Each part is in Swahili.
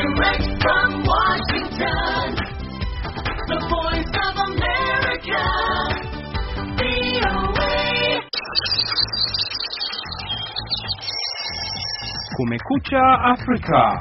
Direct from Washington, the voice of America, VOA. Kumekucha Afrika.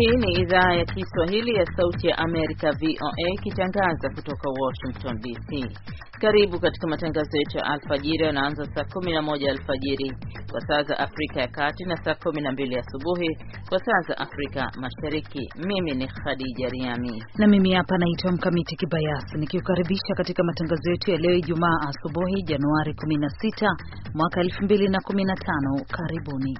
Hii ni idhaa ya Kiswahili ya Sauti ya Amerika, VOA, ikitangaza kutoka Washington DC. Karibu katika matangazo yetu ya alfajiri yanaanza saa 11 alfajiri kwa saa za Afrika ya Kati na saa 12 asubuhi kwa saa za Afrika Mashariki. Mimi ni Khadija Riami na mimi hapa naitwa Mkamiti Kibayasi nikiukaribisha katika matangazo yetu ya leo Ijumaa asubuhi Januari 16 mwaka 2015. Karibuni.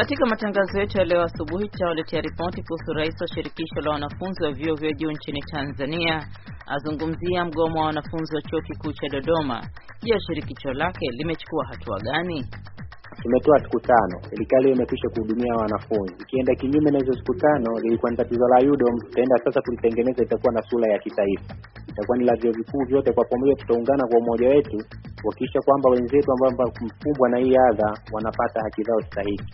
Katika matangazo yetu ya leo asubuhi, tutawaletea ripoti kuhusu rais wa shirikisho la wanafunzi wa vyuo vya juu nchini Tanzania azungumzia mgomo wa wanafunzi wa chuo kikuu cha Dodoma. Je, shirikisho lake limechukua hatua gani? Tumetoa siku tano, serikali imekwisha kuhudumia wanafunzi. Ikienda kinyume na hizo siku tano, lilikuwa ni tatizo la UDOM, tutaenda sasa tulitengeneza, itakuwa na sura ya kitaifa, itakuwa ni la vyuo vikuu vyote kwa pamoja, tutaungana kwa umoja wetu kuhakikisha kwamba wenzetu ambao mkumbwa na hii adha wanapata haki zao stahiki.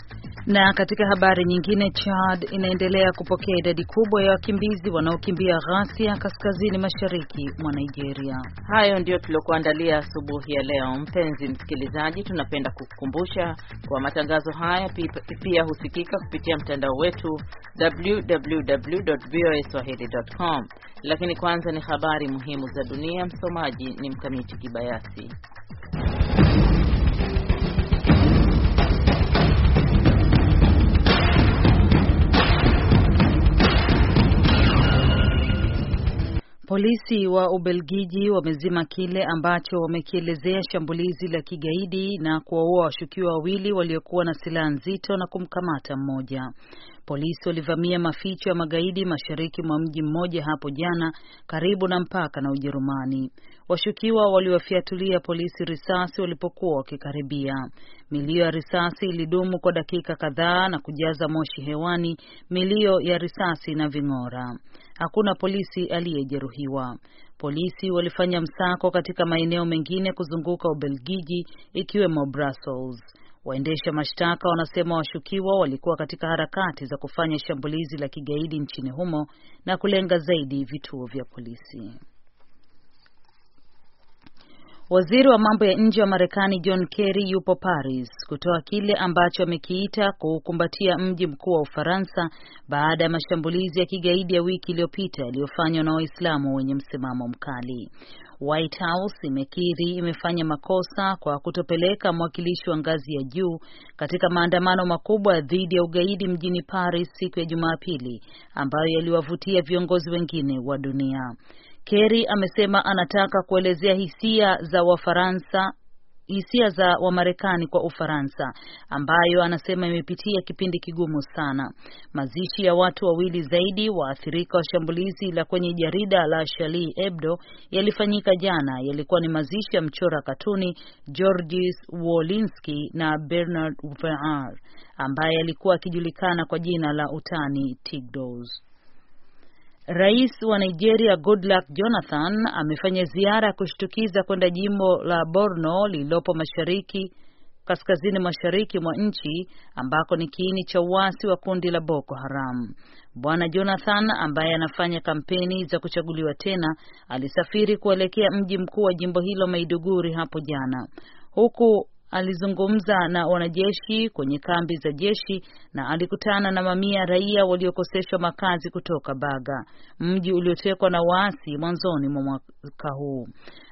Na katika habari nyingine, Chad inaendelea kupokea idadi kubwa ya wakimbizi wanaokimbia ghasia kaskazini mashariki mwa Nigeria. Hayo ndiyo tuliokuandalia asubuhi ya leo. Mpenzi msikilizaji, tunapenda kukukumbusha kwa matangazo haya pia husikika kupitia mtandao wetu www.voaswahili.com. Lakini kwanza ni habari muhimu za dunia. Msomaji ni Mkamiti Kibayasi. Polisi wa Ubelgiji wamezima kile ambacho wamekielezea shambulizi la kigaidi na kuwaua washukiwa wawili waliokuwa na silaha nzito na kumkamata mmoja. Polisi walivamia maficho ya magaidi mashariki mwa mji mmoja hapo jana karibu na mpaka na Ujerumani. Washukiwa waliwafiatulia polisi risasi walipokuwa wakikaribia. Milio ya risasi ilidumu kwa dakika kadhaa na kujaza moshi hewani, milio ya risasi na ving'ora. Hakuna polisi aliyejeruhiwa. Polisi walifanya msako katika maeneo mengine kuzunguka Ubelgiji ikiwemo Brussels. Waendesha mashtaka wanasema washukiwa walikuwa katika harakati za kufanya shambulizi la kigaidi nchini humo na kulenga zaidi vituo vya polisi. Waziri wa mambo ya nje wa Marekani John Kerry yupo Paris kutoa kile ambacho amekiita kuukumbatia mji mkuu wa Ufaransa baada ya mashambulizi ya kigaidi ya wiki iliyopita yaliyofanywa na Waislamu wenye msimamo mkali. White House imekiri imefanya makosa kwa kutopeleka mwakilishi wa ngazi ya juu katika maandamano makubwa dhidi ya ugaidi mjini Paris siku ya Jumapili ambayo yaliwavutia viongozi wengine wa dunia. Kerry amesema anataka kuelezea hisia za Wafaransa hisia za Wamarekani kwa Ufaransa ambayo anasema imepitia kipindi kigumu sana. Mazishi ya watu wawili zaidi waathirika wa shambulizi la kwenye jarida la Charlie Hebdo yalifanyika jana. Yalikuwa ni mazishi ya mchora katuni Georges Wolinski na Bernard Vear ambaye alikuwa akijulikana kwa jina la utani Tigdos. Rais wa Nigeria Goodluck Jonathan amefanya ziara ya kushtukiza kwenda jimbo la Borno lililopo mashariki kaskazini mashariki mwa nchi ambako ni kiini cha uasi wa kundi la Boko Haram. Bwana Jonathan ambaye anafanya kampeni za kuchaguliwa tena alisafiri kuelekea mji mkuu wa jimbo hilo Maiduguri hapo jana, huku alizungumza na wanajeshi kwenye kambi za jeshi na alikutana na mamia raia waliokoseshwa makazi kutoka Baga, mji uliotekwa na waasi mwanzoni mwa mwaka huu.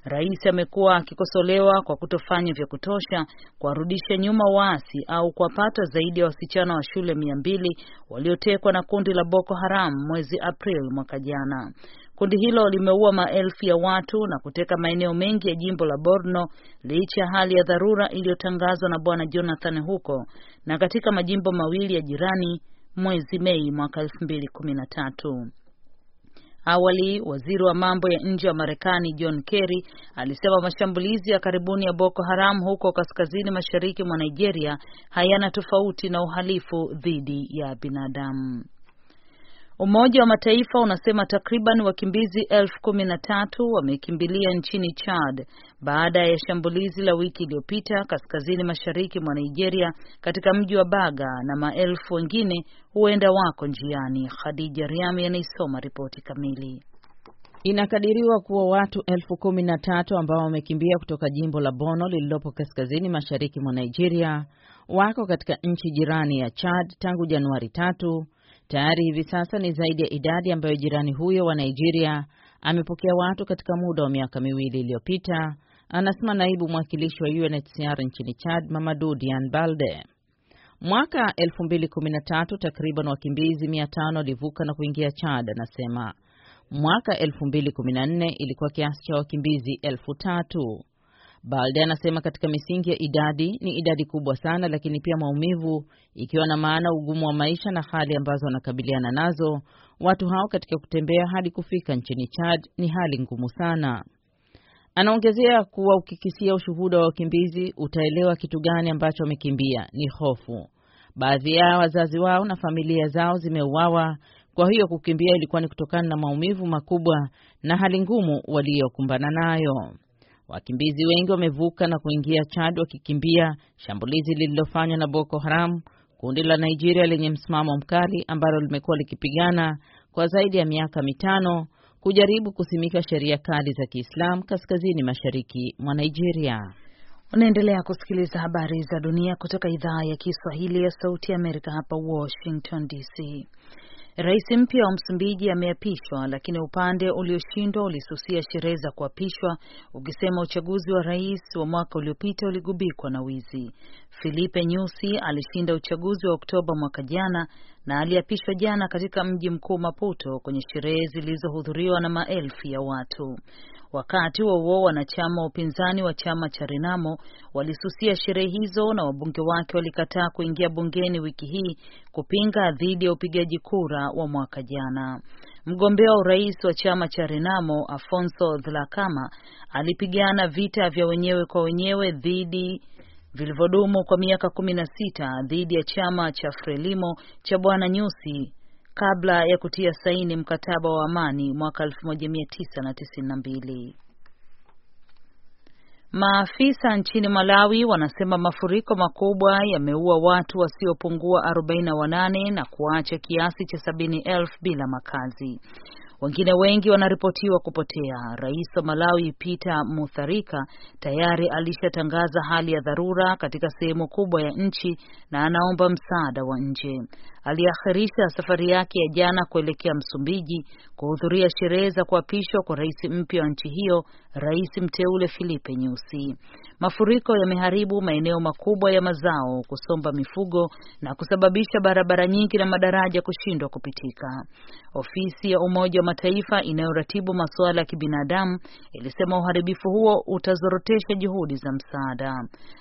Rais amekuwa akikosolewa kwa kutofanya vya kutosha kuwarudisha nyuma waasi au kuwapata zaidi ya wasichana wa shule mia mbili waliotekwa na kundi la Boko Haram mwezi Aprili mwaka jana. Kundi hilo limeua maelfu ya watu na kuteka maeneo mengi ya jimbo la Borno licha ya hali ya dharura iliyotangazwa na Bwana Jonathan huko na katika majimbo mawili ya jirani mwezi Mei mwaka 2013. Awali, waziri wa mambo ya nje wa Marekani John Kerry alisema mashambulizi ya karibuni ya Boko Haram huko kaskazini mashariki mwa Nigeria hayana tofauti na uhalifu dhidi ya binadamu. Umoja wa Mataifa unasema takriban wakimbizi elfu kumi na tatu wamekimbilia nchini Chad baada ya shambulizi la wiki iliyopita kaskazini mashariki mwa Nigeria katika mji wa Baga na maelfu wengine huenda wako njiani. Khadija Riami anaisoma ripoti kamili. Inakadiriwa kuwa watu elfu kumi na tatu ambao wamekimbia kutoka jimbo la Bono lililopo kaskazini mashariki mwa Nigeria wako katika nchi jirani ya Chad tangu Januari tatu Tayari hivi sasa ni zaidi ya idadi ambayo jirani huyo wa Nigeria amepokea watu katika muda wa miaka miwili iliyopita, anasema naibu mwakilishi wa UNHCR nchini Chad, Mamadu Dian Balde. Mwaka 2013 takriban wakimbizi 500 walivuka na kuingia Chad, anasema. Mwaka 2014 ilikuwa kiasi cha wakimbizi elfu tatu. Balde anasema katika misingi ya idadi ni idadi kubwa sana, lakini pia maumivu, ikiwa na maana ugumu wa maisha na hali ambazo wanakabiliana nazo watu hao katika kutembea hadi kufika nchini Chad ni hali ngumu sana. Anaongezea kuwa ukikisia ushuhuda wa wakimbizi utaelewa kitu gani ambacho wamekimbia ni hofu. Baadhi yao wazazi wao na familia zao zimeuawa, kwa hiyo kukimbia ilikuwa ni kutokana na maumivu makubwa na hali ngumu waliyokumbana nayo. Wakimbizi wengi wamevuka na kuingia Chad wakikimbia shambulizi lililofanywa na Boko Haram, kundi la Nigeria lenye msimamo mkali ambalo limekuwa likipigana kwa zaidi ya miaka mitano kujaribu kusimika sheria kali za Kiislamu kaskazini mashariki mwa Nigeria. Unaendelea kusikiliza habari za dunia kutoka idhaa ya Kiswahili ya Sauti ya Amerika hapa Washington DC. Rais mpya wa Msumbiji ameapishwa, lakini upande ulioshindwa ulisusia sherehe za kuapishwa ukisema uchaguzi wa rais wa mwaka uliopita uligubikwa na wizi. Filipe Nyusi alishinda uchaguzi wa Oktoba mwaka jana na aliapishwa jana katika mji mkuu Maputo kwenye sherehe zilizohudhuriwa na maelfu ya watu. Wakati huo huo, wanachama wa upinzani wa chama cha Renamo walisusia sherehe hizo na wabunge wake walikataa kuingia bungeni wiki hii kupinga dhidi ya upigaji kura wa mwaka jana. Mgombea wa urais wa chama cha Renamo Afonso Dhlakama alipigana vita vya wenyewe kwa wenyewe dhidi vilivyodumu kwa miaka kumi na sita dhidi ya chama cha Frelimo cha Bwana Nyusi kabla ya kutia saini mkataba wa amani mwaka 1992. Maafisa nchini Malawi wanasema mafuriko makubwa yameua watu wasiopungua 48 na kuacha kiasi cha sabini bila makazi. Wengine wengi wanaripotiwa kupotea. Rais wa Malawi Peter Mutharika tayari alishatangaza hali ya dharura katika sehemu kubwa ya nchi na anaomba msaada wa nje aliakhirisha safari yake ya jana kuelekea Msumbiji kuhudhuria sherehe za kuapishwa kwa rais mpya wa nchi hiyo, rais mteule Filipe Nyusi. Mafuriko yameharibu maeneo makubwa ya mazao, kusomba mifugo na kusababisha barabara nyingi na madaraja kushindwa kupitika. Ofisi ya Umoja wa Mataifa inayoratibu masuala ya kibinadamu ilisema uharibifu huo utazorotesha juhudi za msaada.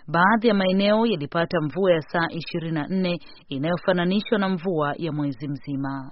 Baadhi ya maeneo yalipata mvua ya saa 24 inayofananishwa na mvua ya mwezi mzima.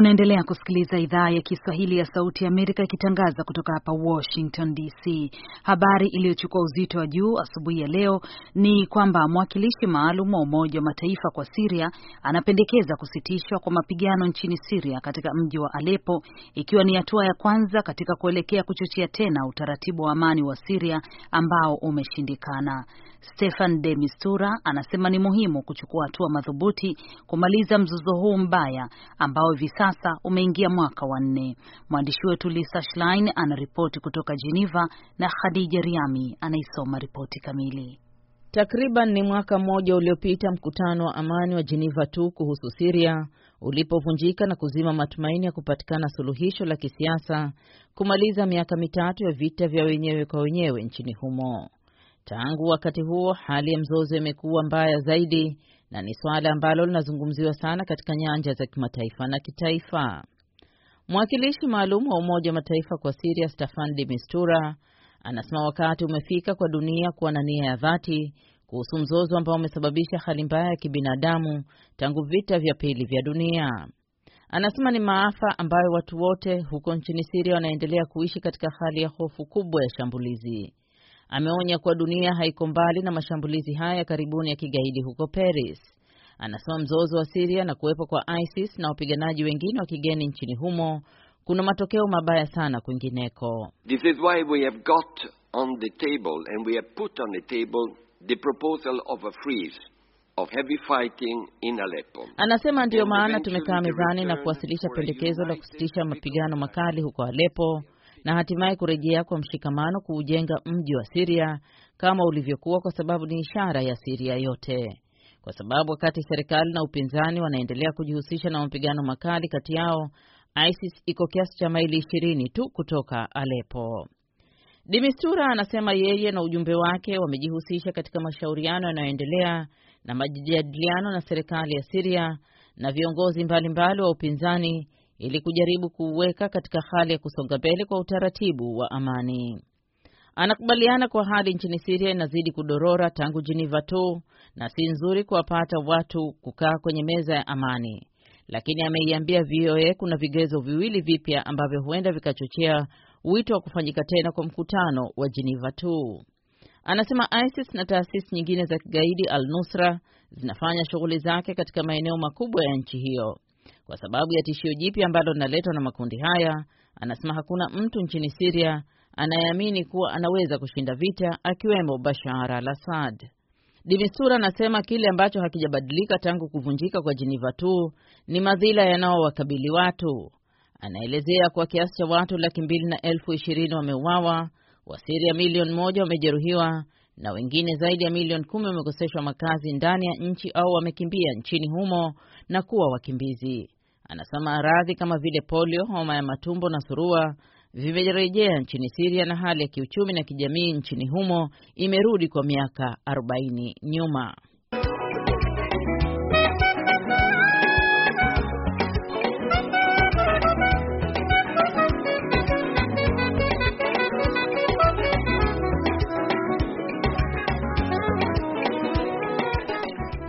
Unaendelea kusikiliza idhaa ya Kiswahili ya Sauti ya Amerika ikitangaza kutoka hapa Washington DC. Habari iliyochukua uzito wa juu asubuhi ya leo ni kwamba mwakilishi maalum wa Umoja wa Mataifa kwa Siria anapendekeza kusitishwa kwa mapigano nchini Siria katika mji wa Alepo, ikiwa ni hatua ya kwanza katika kuelekea kuchochea tena utaratibu wa amani wa Siria ambao umeshindikana. Stefan de Mistura anasema ni muhimu kuchukua hatua madhubuti kumaliza mzozo huu mbaya ambao hivi sasa umeingia mwaka wa nne. Mwandishi wetu Lisa Schlein anaripoti kutoka Geneva na Khadija Riami anaisoma ripoti kamili. Takriban ni mwaka mmoja uliopita mkutano wa amani wa Geneva tu kuhusu Siria ulipovunjika na kuzima matumaini ya kupatikana suluhisho la kisiasa kumaliza miaka mitatu ya vita vya wenyewe kwa wenyewe nchini humo. Tangu wakati huo hali ya mzozo imekuwa mbaya zaidi na ni swala ambalo linazungumziwa sana katika nyanja za kimataifa na kitaifa. Mwakilishi maalum wa Umoja wa Mataifa kwa Siria, Staffan de Mistura, anasema wakati umefika kwa dunia kuwa na nia ya dhati kuhusu mzozo ambao umesababisha hali mbaya ya kibinadamu tangu vita vya pili vya dunia. Anasema ni maafa ambayo watu wote huko nchini Siria wanaendelea kuishi katika hali ya hofu kubwa ya shambulizi. Ameonya kuwa dunia haiko mbali na mashambulizi haya ya karibuni ya kigaidi huko Paris. Anasema mzozo wa Siria na kuwepo kwa ISIS na wapiganaji wengine wa kigeni nchini humo kuna matokeo mabaya sana kwingineko. This is why we have got on the table and we have put on the table the proposal of a freeze of heavy fighting in Aleppo. Anasema ndiyo maana tumekaa mezani na kuwasilisha pendekezo la kusitisha mapigano makali huko Aleppo na hatimaye kurejea kwa mshikamano kuujenga mji wa Siria kama ulivyokuwa, kwa sababu ni ishara ya Siria yote, kwa sababu wakati serikali na upinzani wanaendelea kujihusisha na mapigano makali kati yao, ISIS iko kiasi cha maili ishirini tu kutoka Alepo. Dimistura anasema yeye na ujumbe wake wamejihusisha katika mashauriano yanayoendelea na majadiliano na serikali ya Siria na viongozi mbalimbali mbali wa upinzani ili kujaribu kuuweka katika hali ya kusonga mbele kwa utaratibu wa amani. Anakubaliana kwa hali nchini Siria inazidi kudorora tangu Geneva tu na si nzuri kuwapata watu kukaa kwenye meza ya amani, lakini ameiambia VOA kuna vigezo viwili vipya ambavyo huenda vikachochea wito wa kufanyika tena kwa mkutano wa Geneva tu. Anasema ISIS na taasisi nyingine za kigaidi Al-Nusra zinafanya shughuli zake katika maeneo makubwa ya nchi hiyo kwa sababu ya tishio jipya ambalo linaletwa na makundi haya, anasema hakuna mtu nchini Siria anayeamini kuwa anaweza kushinda vita, akiwemo Bashar al Assad. Dimisura anasema kile ambacho hakijabadilika tangu kuvunjika kwa Geneva tu ni madhila yanayowakabili watu. Anaelezea kwa kiasi cha watu laki mbili na elfu ishirini wameuawa, Wasiria milioni moja wamejeruhiwa na wengine zaidi ya milioni kumi wamekoseshwa makazi ndani ya nchi au wamekimbia nchini humo na kuwa wakimbizi. Anasema radhi kama vile polio, homa ya matumbo na surua vimerejea nchini Siria na hali ya kiuchumi na kijamii nchini humo imerudi kwa miaka 40 nyuma.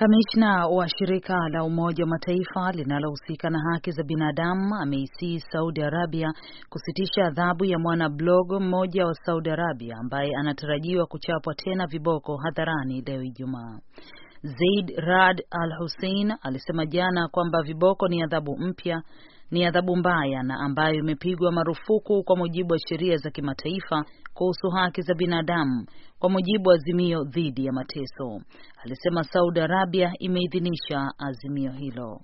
Kamishna wa shirika la Umoja wa Mataifa linalohusika na haki za binadamu ameisii Saudi Arabia kusitisha adhabu ya mwana blogo mmoja wa Saudi Arabia ambaye anatarajiwa kuchapwa tena viboko hadharani leo Ijumaa. Zaid Rad Al Hussein alisema jana kwamba viboko ni adhabu mpya, ni adhabu mbaya na ambayo imepigwa marufuku kwa mujibu wa sheria za kimataifa kuhusu haki za binadamu kwa mujibu wa azimio dhidi ya mateso. Alisema Saudi Arabia imeidhinisha azimio hilo.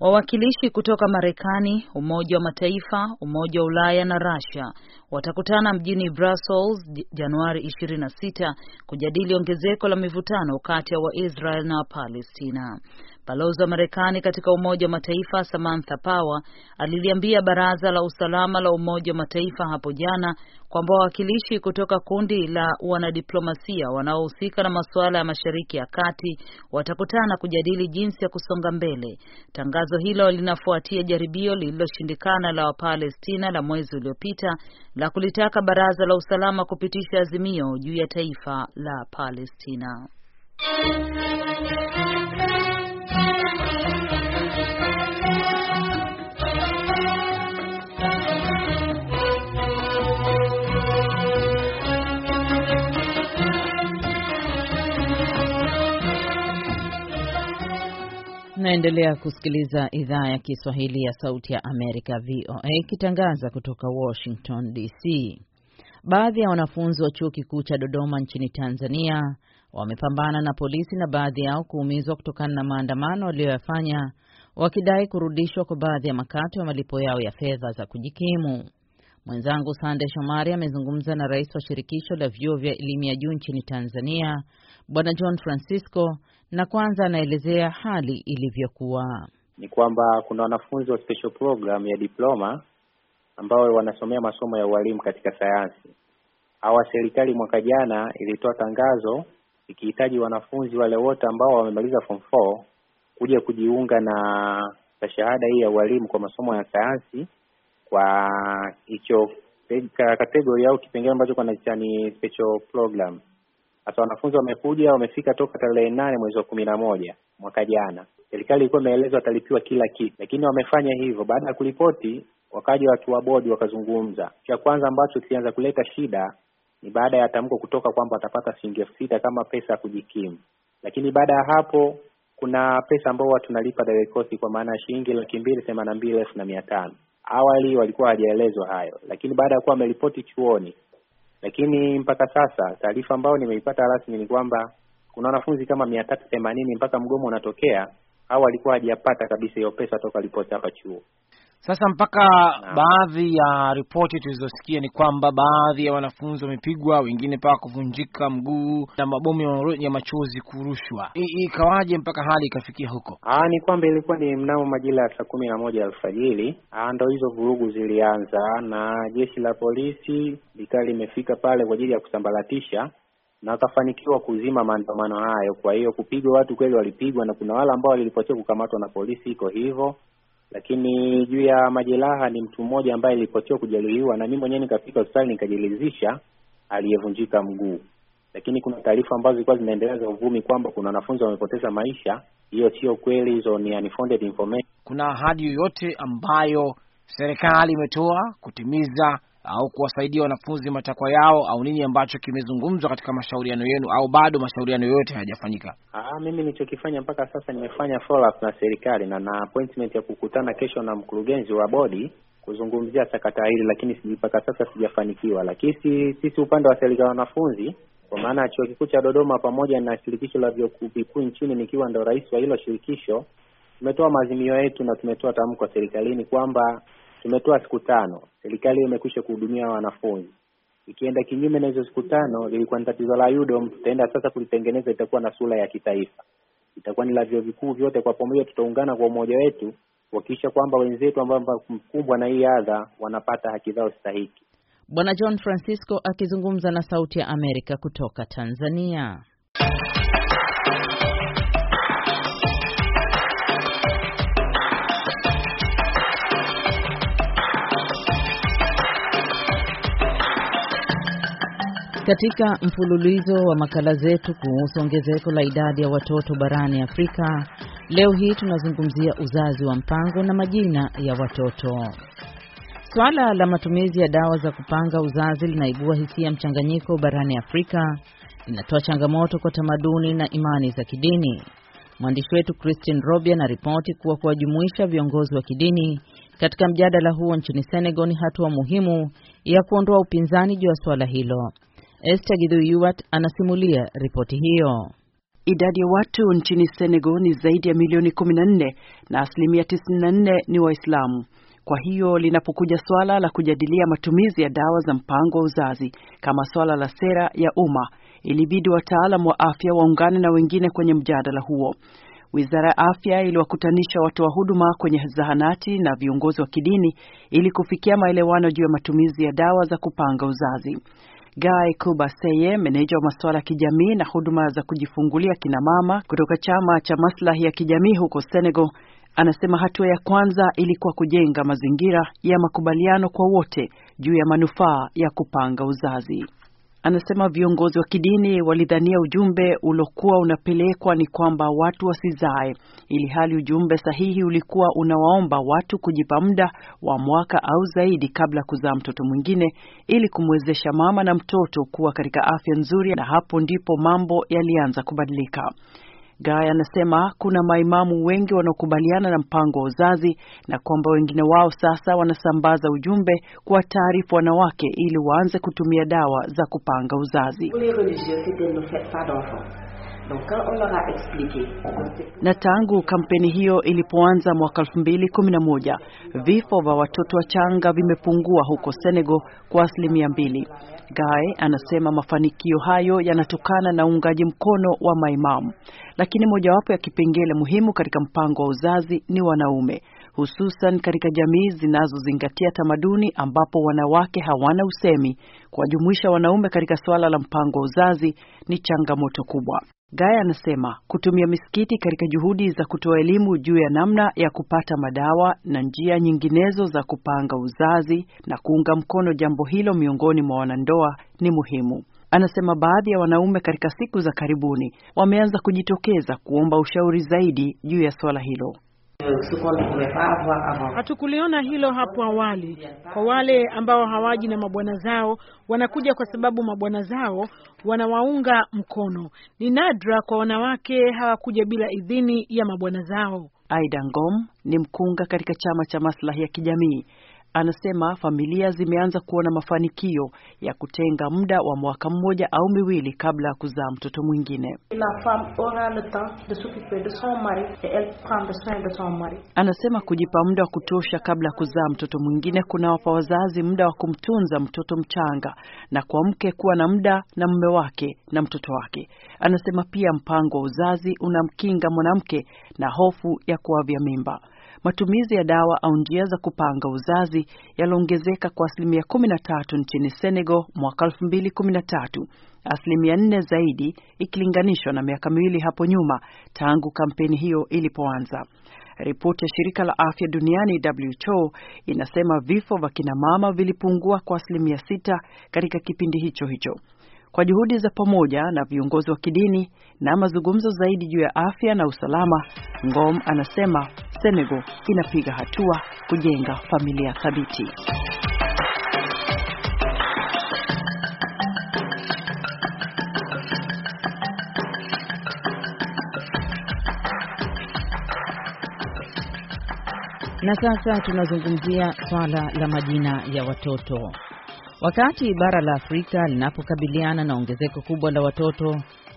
Wawakilishi kutoka Marekani, Umoja wa Mataifa, Umoja wa Ulaya na Russia watakutana mjini Brussels Januari 26 kujadili ongezeko la mivutano kati ya Waisrael na Wapalestina. Balozi wa Marekani katika Umoja wa Mataifa Samantha Power aliliambia Baraza la Usalama la Umoja wa Mataifa hapo jana kwamba wawakilishi kutoka kundi la wanadiplomasia wanaohusika na masuala ya Mashariki ya Kati watakutana kujadili jinsi ya kusonga mbele. Tangazo hilo linafuatia jaribio lililoshindikana la Wapalestina la mwezi uliopita la kulitaka Baraza la Usalama kupitisha azimio juu ya taifa la Palestina. Naendelea kusikiliza idhaa ya Kiswahili ya Sauti ya Amerika, VOA, ikitangaza kutoka Washington DC. Baadhi ya wanafunzi wa chuo kikuu cha Dodoma nchini Tanzania wamepambana na polisi na baadhi yao kuumizwa kutokana na maandamano waliyoyafanya wakidai kurudishwa kwa baadhi ya makato ya malipo yao ya fedha za kujikimu. Mwenzangu Sande Shomari amezungumza na rais wa shirikisho la vyuo vya elimu ya juu nchini Tanzania, Bwana John Francisco, na kwanza anaelezea hali ilivyokuwa. Ni kwamba kuna wanafunzi wa special program ya diploma ambao wanasomea masomo ya ualimu katika sayansi. Hawa serikali mwaka jana ilitoa tangazo ikihitaji wanafunzi wale wote ambao wamemaliza form 4 kuja kujiunga na shahada hii ya ualimu kwa masomo ya sayansi kwa hicho kategori au kipengele ambacho kanaita ni special program. Sasa wanafunzi wamekuja wamefika toka tarehe nane mwezi wa kumi na moja mwaka jana. Serikali ilikuwa imeelezwa atalipiwa kila kitu, lakini wamefanya hivyo. Baada ya kuripoti, wakaja watu wa bodi wakazungumza. Cha kwanza ambacho kilianza kuleta shida ni baada ya tamko kutoka kwamba watapata shilingi elfu sita kama pesa ya kujikimu, lakini baada ya hapo kuna pesa ambao watu tunalipa direct cost kwa maana ya shilingi laki mbili themanini na mbili elfu na mia tano. Awali walikuwa hawajaelezwa hayo, lakini baada ya kuwa wameripoti chuoni. Lakini mpaka sasa taarifa ambayo nimeipata rasmi ni kwamba kuna wanafunzi kama mia tatu themanini mpaka mgomo unatokea, au walikuwa hawajapata kabisa hiyo pesa toka walipoti hapa chuo. Sasa mpaka na baadhi ya ripoti tulizosikia ni kwamba baadhi ya wanafunzi wamepigwa, wengine paka kuvunjika mguu na mabomu ya machozi kurushwa. Ikawaje mpaka hali ikafikia huko? Aa, ni kwamba ilikuwa ni mnamo majira ya saa kumi na moja alfajiri ndo hizo vurugu zilianza, na jeshi la polisi likawa limefika pale kwa ajili ya kusambaratisha na wakafanikiwa kuzima maandamano hayo. Kwa hiyo kupigwa watu kweli walipigwa, na kuna wale ambao walilipotia kukamatwa na polisi, iko hivyo lakini juu ya majeraha ni mtu mmoja ambaye aliripotiwa kujeruhiwa, na mimi mwenyewe nikafika hospitali nikajiridhisha, aliyevunjika mguu. Lakini kuna taarifa ambazo zilikuwa zinaendelea za uvumi kwamba kuna wanafunzi wamepoteza maisha. Hiyo sio kweli, hizo ni unfounded information. Kuna ahadi yoyote ambayo serikali imetoa kutimiza au kuwasaidia wanafunzi matakwa yao au nini ambacho kimezungumzwa katika mashauriano yenu, au bado mashauriano yote hayajafanyika? Ah, mimi nilichokifanya mpaka sasa nimefanya follow up na serikali na na appointment ya kukutana kesho na mkurugenzi wa bodi kuzungumzia sakata hili, lakini mpaka sasa sijafanikiwa. Lakini sisi upande wa serikali wanafunzi kwa maana chuo kikuu cha Dodoma pamoja na shirikisho la vyuo vikuu nchini, nikiwa ndo rais wa hilo shirikisho, tumetoa maazimio yetu na tumetoa tamko serikalini kwamba Tumetoa siku tano, serikali imekwisha kuhudumia wanafunzi. Ikienda kinyume na hizo siku tano, lilikuwa ni tatizo la UDOM. Tutaenda sasa kulitengeneza, itakuwa na sura ya kitaifa, itakuwa ni la vyuo vikuu vyote kwa pamoja. Tutaungana kwa umoja wetu kuhakikisha kwamba wenzetu ambao kumbwa na hii adha wanapata haki zao stahiki. Bwana John Francisco akizungumza na Sauti ya Amerika kutoka Tanzania. Katika mfululizo wa makala zetu kuhusu ongezeko la idadi ya watoto barani Afrika, leo hii tunazungumzia uzazi wa mpango na majina ya watoto. Swala la matumizi ya dawa za kupanga uzazi linaibua hisia mchanganyiko barani Afrika, linatoa changamoto kwa tamaduni na imani za kidini. Mwandishi wetu Christine Robi anaripoti kuwa kuwajumuisha viongozi wa kidini katika mjadala huo nchini Senegal ni hatua muhimu ya kuondoa upinzani juu ya swala hilo. Esther Githui Yuwat anasimulia ripoti hiyo. Idadi ya watu nchini Senegal ni zaidi ya milioni 14 na asilimia 94 ni Waislamu. Kwa hiyo linapokuja swala la kujadilia matumizi ya dawa za mpango wa uzazi kama swala la sera ya umma, ilibidi wataalam wa afya waungane na wengine kwenye mjadala huo. Wizara ya Afya iliwakutanisha watoa huduma kwenye zahanati na viongozi wa kidini ili kufikia maelewano juu ya matumizi ya dawa za kupanga uzazi. Guy Kubaseye, meneja wa masuala ya kijamii na huduma za kujifungulia kinamama kutoka chama cha maslahi ya kijamii huko Senegal, anasema hatua ya kwanza ilikuwa kujenga mazingira ya makubaliano kwa wote juu ya manufaa ya kupanga uzazi. Anasema viongozi wa kidini walidhania ujumbe uliokuwa unapelekwa ni kwamba watu wasizae, ili hali ujumbe sahihi ulikuwa unawaomba watu kujipa muda wa mwaka au zaidi kabla ya kuzaa mtoto mwingine, ili kumwezesha mama na mtoto kuwa katika afya nzuri, na hapo ndipo mambo yalianza kubadilika. Gaya anasema kuna maimamu wengi wanaokubaliana na mpango wa uzazi na kwamba wengine wao sasa wanasambaza ujumbe taarifu wanawake ili waanze kutumia dawa za kupanga uzazi. Na tangu kampeni hiyo ilipoanza mwaka 2011, vifo vya watoto wachanga vimepungua huko Senegal kwa asilimia mbili. Gae anasema mafanikio hayo yanatokana na uungaji mkono wa maimamu, lakini mojawapo ya kipengele muhimu katika mpango wa uzazi ni wanaume, hususan katika jamii zinazozingatia tamaduni ambapo wanawake hawana usemi. Kuwajumuisha wanaume katika suala la mpango wa uzazi ni changamoto kubwa. Gaya anasema kutumia misikiti katika juhudi za kutoa elimu juu ya namna ya kupata madawa na njia nyinginezo za kupanga uzazi na kuunga mkono jambo hilo miongoni mwa wanandoa ni muhimu. Anasema baadhi ya wanaume katika siku za karibuni wameanza kujitokeza kuomba ushauri zaidi juu ya suala hilo. Hatukuliona hilo hapo awali. Kwa wale ambao hawaji na mabwana zao, wanakuja kwa sababu mabwana zao wanawaunga mkono. Ni nadra kwa wanawake hawakuja bila idhini ya mabwana zao. Aida Ngom ni mkunga katika chama cha maslahi ya kijamii anasema familia zimeanza kuona mafanikio ya kutenga muda wa mwaka mmoja au miwili kabla ya kuzaa mtoto mwingine. Anasema kujipa muda wa kutosha kabla ya kuzaa mtoto mwingine kunawapa wazazi muda wa kumtunza mtoto mchanga na kwa mke kuwa na muda na mume wake na mtoto wake. Anasema pia mpango wa uzazi unamkinga mwanamke na hofu ya kuavya mimba matumizi ya dawa au njia za kupanga uzazi yaliongezeka kwa asilimia 13 nchini Senegal mwaka 2013, asilimia nne zaidi ikilinganishwa na miaka miwili hapo nyuma tangu kampeni hiyo ilipoanza. Ripoti ya shirika la afya duniani WHO inasema vifo vya kinamama vilipungua kwa asilimia sita katika kipindi hicho hicho kwa juhudi za pamoja na viongozi wa kidini na mazungumzo zaidi juu ya afya na usalama. Ngom anasema Senegal inapiga hatua kujenga familia thabiti. Na sasa tunazungumzia swala la majina ya watoto. Wakati bara la Afrika linapokabiliana na ongezeko kubwa la watoto,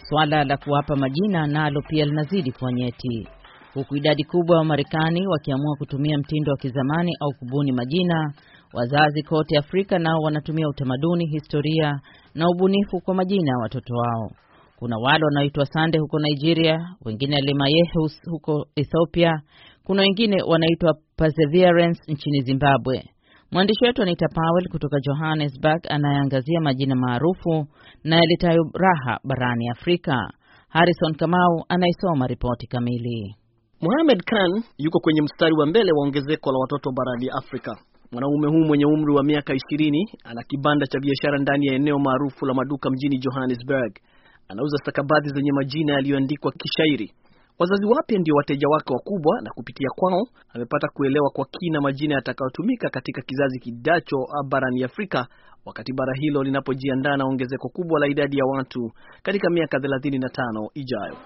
swala la kuwapa majina nalo pia linazidi kuwa nyeti, huku idadi kubwa ya Wamarekani wakiamua kutumia mtindo wa kizamani au kubuni majina. Wazazi kote Afrika nao wanatumia utamaduni, historia na ubunifu kwa majina ya watoto wao. Kuna wale wanaoitwa Sande huko Nigeria, wengine Alimayehus huko Ethiopia, kuna wengine wanaitwa Perseverance nchini Zimbabwe. Mwandishi wetu Anita Powell kutoka Johannesburg anayeangazia majina maarufu na yaletayo raha barani Afrika. Harrison Kamau anaisoma ripoti kamili. Mohamed Khan yuko kwenye mstari wa mbele wa ongezeko la watoto barani Afrika. Mwanaume huu mwenye umri wa miaka 20 ana kibanda cha biashara ndani ya eneo maarufu la maduka mjini Johannesburg. Anauza stakabadhi zenye majina yaliyoandikwa kishairi Wazazi wapya ndio wateja wake wakubwa, na kupitia kwao amepata kuelewa kwa kina majina yatakayotumika katika kizazi kidacho barani Afrika, wakati bara hilo linapojiandaa na ongezeko kubwa la idadi ya watu katika miaka 35 ijayo.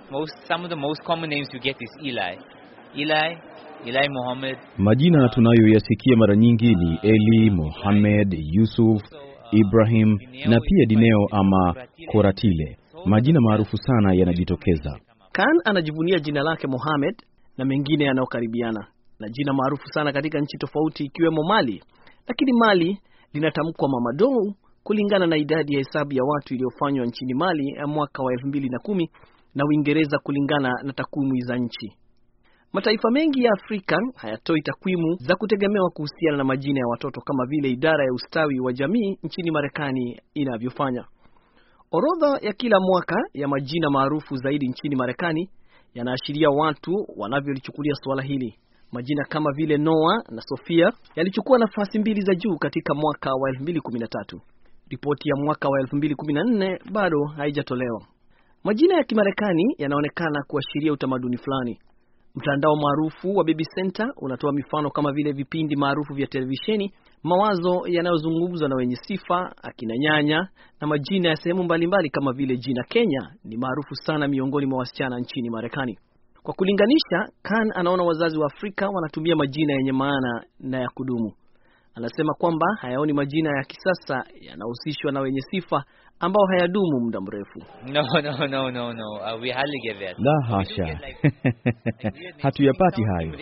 Majina uh, tunayoyasikia mara nyingi ni uh, Eli, Mohamed, Yusuf, uh, Ibrahim na pia Dineo ama Koratile. Majina maarufu sana yanajitokeza. Khan anajivunia jina lake Mohamed na mengine yanayokaribiana na jina maarufu sana katika nchi tofauti ikiwemo Mali, lakini Mali linatamkwa Mamadou kulingana na idadi ya hesabu ya watu iliyofanywa nchini Mali ya mwaka wa kumi na Uingereza kulingana na takwimu za nchi. Mataifa mengi ya Afrika hayatoi takwimu za kutegemewa kuhusiana na majina ya watoto kama vile idara ya ustawi wa jamii nchini Marekani inavyofanya. Orodha ya kila mwaka ya majina maarufu zaidi nchini Marekani yanaashiria watu wanavyolichukulia suala hili. Majina kama vile Noah na Sofia yalichukua nafasi mbili za juu katika mwaka wa 2013. Ripoti ya mwaka wa 2014 bado haijatolewa. Majina ya Kimarekani yanaonekana kuashiria utamaduni fulani. Mtandao maarufu wa Baby Center unatoa mifano kama vile vipindi maarufu vya televisheni mawazo yanayozungumzwa na wenye sifa akina Nyanya na majina ya sehemu mbalimbali kama vile jina Kenya ni maarufu sana miongoni mwa wasichana nchini Marekani. Kwa kulinganisha, Khan anaona wazazi wa Afrika wanatumia majina yenye maana na ya kudumu. Anasema kwamba hayaoni majina ya kisasa yanahusishwa na wenye sifa ambao hayadumu muda mrefu. No, no, no, no, no. Uh, we hardly get that. La hasha, like, hatuyapati hayo.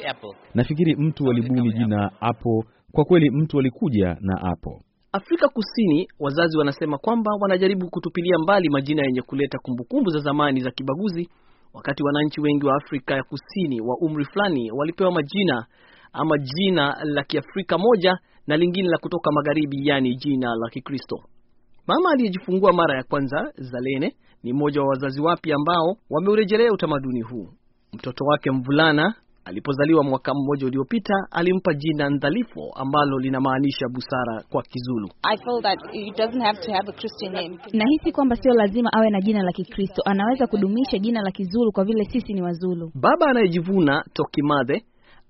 Nafikiri mtu alibuni jina Apple kwa kweli mtu alikuja na apo. Afrika Kusini, wazazi wanasema kwamba wanajaribu kutupilia mbali majina yenye kuleta kumbukumbu za zamani za kibaguzi, wakati wananchi wengi wa Afrika ya Kusini wa umri fulani walipewa majina ama jina la Kiafrika moja na lingine la kutoka magharibi, yaani jina la Kikristo. Mama aliyejifungua mara ya kwanza Zalene ni mmoja wa wazazi wapya ambao wameurejelea utamaduni huu. Mtoto wake mvulana Alipozaliwa mwaka mmoja uliopita, alimpa jina Ndhalifo ambalo linamaanisha busara kwa Kizulu. Nahisi kwamba sio lazima awe na jina la Kikristo, anaweza kudumisha jina la Kizulu kwa vile sisi ni Wazulu. Baba anayejivuna Tokimadhe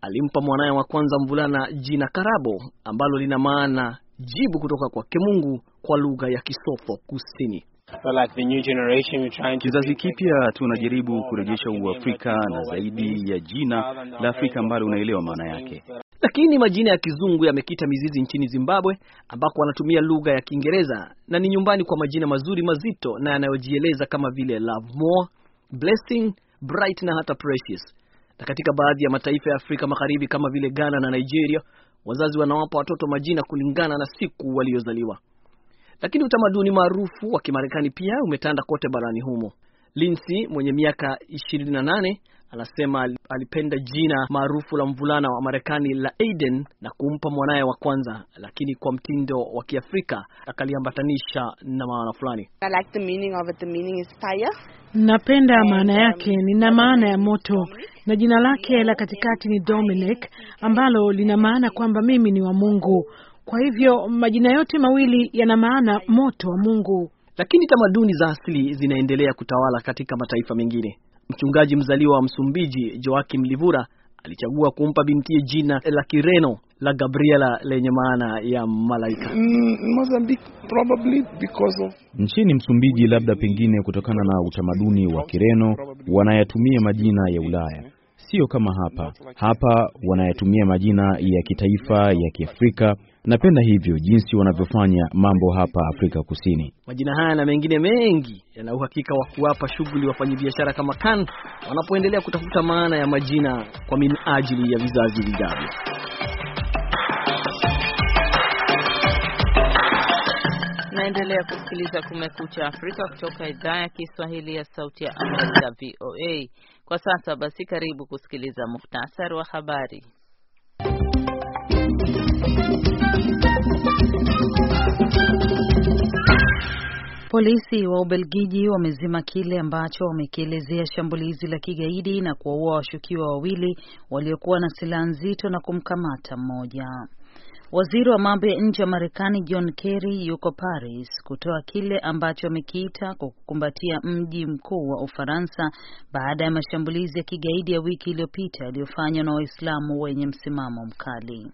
alimpa mwanaye wa kwanza mvulana jina Karabo ambalo lina maana jibu kutoka kwake Mungu kwa lugha ya kisofo Kusini. Kizazi kipya tunajaribu kurejesha Uafrika na zaidi ya jina la Afrika ambalo unaelewa maana yake. Lakini majina ya kizungu yamekita mizizi nchini Zimbabwe ambako wanatumia lugha ya Kiingereza na ni nyumbani kwa majina mazuri mazito na yanayojieleza kama vile Love More, Blessing, Bright na hata Precious. Na katika baadhi ya mataifa ya Afrika Magharibi kama vile Ghana na Nigeria, wazazi wanawapa watoto majina kulingana na siku waliozaliwa. Lakini utamaduni maarufu wa Kimarekani pia umetanda kote barani humo. Lindsay mwenye miaka 28 anasema alipenda jina maarufu la mvulana wa Marekani la Aiden na kumpa mwanaye wa kwanza, lakini kwa mtindo wa Kiafrika akaliambatanisha na maana fulani. Napenda maana yake, nina maana ya moto, na jina lake la katikati ni Dominic ambalo lina maana kwamba mimi ni wa Mungu. Kwa hivyo majina yote mawili yana maana moto wa Mungu, lakini tamaduni za asili zinaendelea kutawala katika mataifa mengine. Mchungaji mzaliwa wa Msumbiji Joakim Livura alichagua kumpa bintie jina la Kireno la Gabriela lenye maana ya malaika. Mm, Nchini Msumbiji labda pengine kutokana na utamaduni wa Kireno wanayatumia majina ya Ulaya. Sio kama hapa. Hapa wanayatumia majina ya kitaifa ya Kiafrika Napenda hivyo jinsi wanavyofanya mambo hapa Afrika Kusini. Majina haya na mengine mengi yana uhakika wa kuwapa shughuli wafanyabiashara kama kan wanapoendelea kutafuta maana ya majina kwa minajili ya vizazi vijavyo. Naendelea kusikiliza Kumekucha Afrika kutoka idhaa ya Kiswahili ya Sauti ya Amerika, VOA. Kwa sasa basi, karibu kusikiliza muhtasari wa habari. Polisi wa Ubelgiji wamezima kile ambacho wamekielezea shambulizi la kigaidi na kuwaua washukiwa wawili waliokuwa na silaha nzito na kumkamata mmoja. Waziri wa mambo ya nje wa Marekani John Kerry yuko Paris kutoa kile ambacho amekiita kwa kukumbatia mji mkuu wa Ufaransa baada ya mashambulizi ya kigaidi ya wiki iliyopita yaliyofanywa na Waislamu wenye msimamo mkali.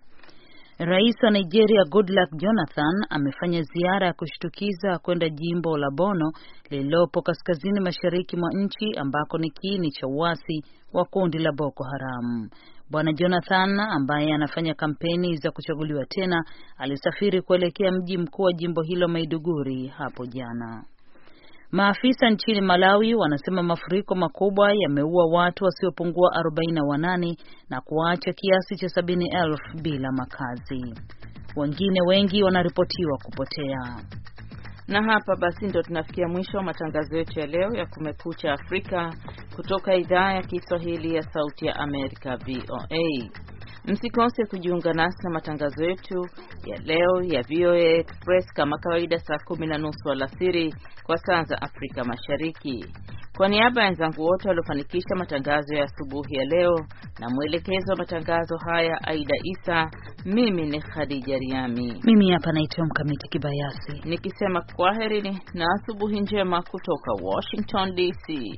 Rais wa Nigeria Goodluck Jonathan amefanya ziara ya kushtukiza kwenda jimbo la bono lililopo kaskazini mashariki mwa nchi ambako ni kiini cha uasi wa kundi la Boko Haram. Bwana Jonathan ambaye anafanya kampeni za kuchaguliwa tena alisafiri kuelekea mji mkuu wa jimbo hilo Maiduguri hapo jana. Maafisa nchini Malawi wanasema mafuriko makubwa yameua watu wasiopungua 48 na kuwaacha kiasi cha sabini bila makazi. Wengine wengi wanaripotiwa kupotea. Na hapa basi ndo tunafikia mwisho wa matangazo yetu ya leo ya Kumekucha Afrika kutoka idhaa ya Kiswahili ya Sauti ya Amerika, VOA. Msikose kujiunga nasi na matangazo yetu ya leo ya VOA Express kama kawaida, saa kumi na nusu alasiri kwa saa za Afrika Mashariki. Kwa niaba ya wenzangu wote waliofanikisha matangazo ya asubuhi ya leo na mwelekezo wa matangazo haya Aida Isa, mimi ni Khadija Riami, mimi hapa naitwa Mkamiti Kibayasi nikisema kwaherini na asubuhi njema kutoka Washington DC.